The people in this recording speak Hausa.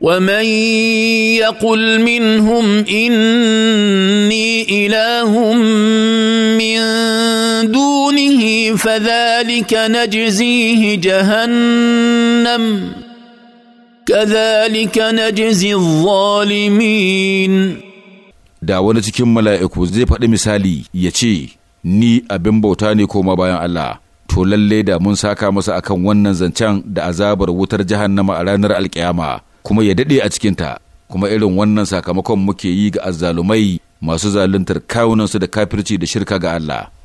ومن يقل منهم اني اله من دونه فذلك نجزيه جهنم كذلك نجزي الظالمين da wani cikin mala'iku zai faɗi misali ya ce, Ni abin bauta ne koma bayan Allah, to lalle da mun saka masa akan wannan zancen da azabar wutar jahannama a ranar alkiyama. kuma ya daɗe a cikinta kuma irin wannan sakamakon muke yi ga azzalumai masu zaluntar kawunansu da kafirci da shirka ga Allah